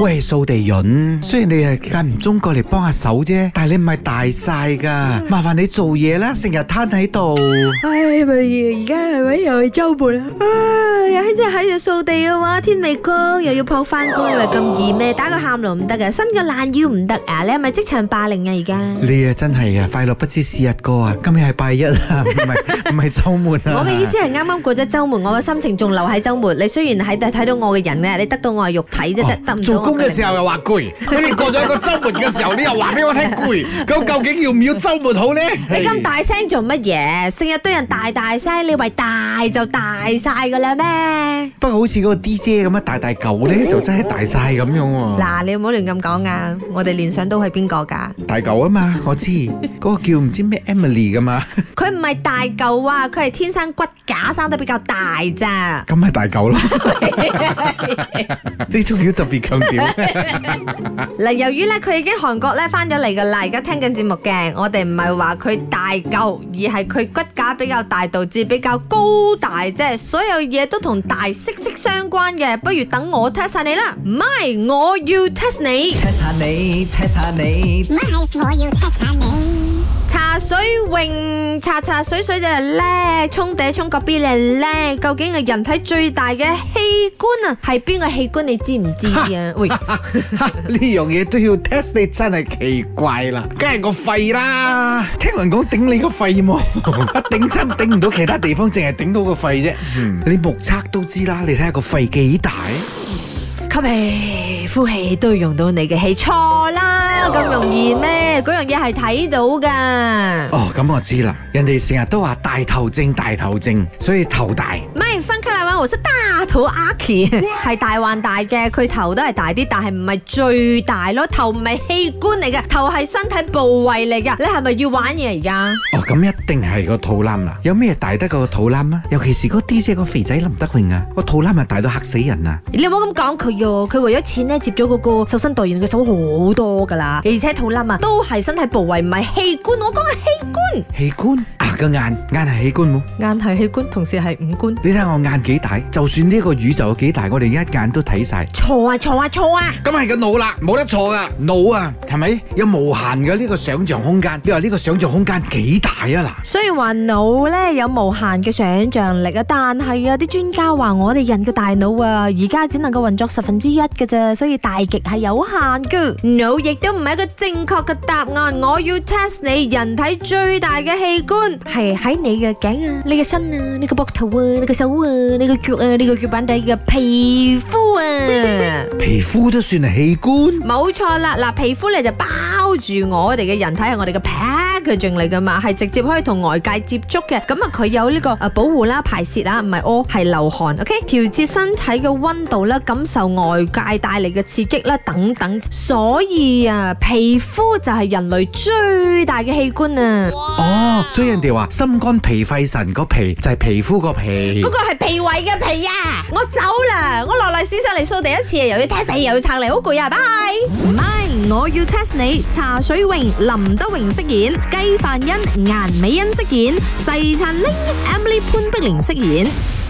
喂，掃地潤，雖然你係間唔中過嚟幫下手啫，但係你唔係大晒噶，麻煩你做嘢啦，成日攤喺度。唉、哎，咪而家係咪又係周末啊？唉、哎，又喺度喺度掃地嘅話，天未光又要撲翻工，又咪咁易咩？打個喊露唔得嘅，伸個懶腰唔得啊！你係咪職場霸凌啊？而家你啊真係啊，快樂不知時日過啊！今日係拜一啊，唔係唔係周末啊？ 我嘅意思係啱啱過咗周末，我嘅心情仲留喺周末。你雖然喺睇到我嘅人呢，你得到我嘅肉體啫，哦、得得不唔到、哦？工嘅時候又話攰，咁你過咗一個週末嘅時候，你又話俾我聽攰，咁究竟要唔要週末好咧？你咁大聲做乜嘢？成日對人大大聲，你以為大就大曬噶啦咩？不過好似嗰個 DJ 咁樣，大大舊咧就真係大曬咁樣喎。嗱，你唔好亂咁講啊！我哋聯想到係邊個㗎？大舊啊嘛，我知嗰個叫唔知咩 Emily 㗎嘛。佢唔係大舊啊，佢係天生骨架生得比較大咋。咁係大舊咯，呢種料特別強。嗱， 由於咧佢已經韓國咧翻咗嚟噶啦，而家聽緊節目嘅，我哋唔係話佢大嚿，而係佢骨架比較大，導致比較高大啫。所有嘢都同大息息相關嘅，不如等我 test 下你啦。唔係，我要 test 你。test 下你，test 下你。唔係，我要 test 下你。水泳擦擦水水仔叻！沖底沖個邊靚叻！究竟係人體最大嘅器官啊？係邊個器官你知唔知啊？哈喂，呢樣嘢都要 test 你，真係奇怪啦，梗係個肺啦。聽人講頂你個肺嘛， 頂真頂唔到其他地方，淨係頂到個肺啫。 你目測都知啦，你睇下個肺幾大，吸氣呼氣都要用到你嘅氣，錯啦，咁容易咩？Oh, 係睇到噶，哦，咁我知啦，人哋成日都話大頭症，大頭症，所以頭大。我識 大肚阿 k e 係大還大嘅，佢頭都係大啲，但係唔係最大咯。頭唔係器官嚟嘅，頭係身體部位嚟噶。你係咪要玩嘢而家？哦，咁一定係個肚腩啦，啊。有咩大得過個肚腩啊？尤其是嗰啲即係個肥仔林德榮啊，個肚腩咪大到嚇死人啊！你冇咁講佢哦，佢為咗錢咧，接咗嗰個瘦身代言嘅手好多噶啦，而且肚腩啊都係身體部位，唔係器官。我講嘅器官，器官。個眼眼係器官冇？眼係器官，同時係五官。你睇我眼幾大，就算呢個宇宙有幾大，我哋一眼都睇晒。錯啊錯啊錯啊！咁係個腦啦，冇得錯噶。腦啊，係咪、啊啊、有無限嘅呢個想象空間？你話呢個想象空間幾大啊嗱？雖然話腦咧有無限嘅想象力啊，但係啊啲專家話我哋人嘅大腦啊，而家只能夠運作十分之一嘅啫，所以大極係有限噶。腦亦都唔係一個正確嘅答案。我要 test 你，人體最大嘅器官。係喺你嘅頸啊，你嘅身啊，你嘅膊頭啊，你嘅手啊，你嘅腳啊，你嘅腳板底嘅皮膚啊，皮膚都算係器官？冇錯啦，嗱，皮膚咧就包住我哋嘅人體，係我哋嘅皮。佢進嚟噶嘛，係直接可以同外界接觸嘅，咁啊佢有呢個誒保護啦、排泄啊，唔係屙係流汗，OK？調節身體嘅温度啦，感受外界帶嚟嘅刺激啦，等等。所以啊，皮膚就係人類最大嘅器官啊！哦，所以人哋話心肝脾肺腎個脾就係皮膚個皮，嗰個係脾胃嘅脾啊！我走啦，我落嚟。.先上嚟梳第一次啊，又要 test 你，又要拆你，好攰啊。Bye 唔係，MY，我要 test 你。茶水榮、林德榮飾演，雞范欣、顏美欣飾演，細陳 ling、Emily 潘碧玲飾演。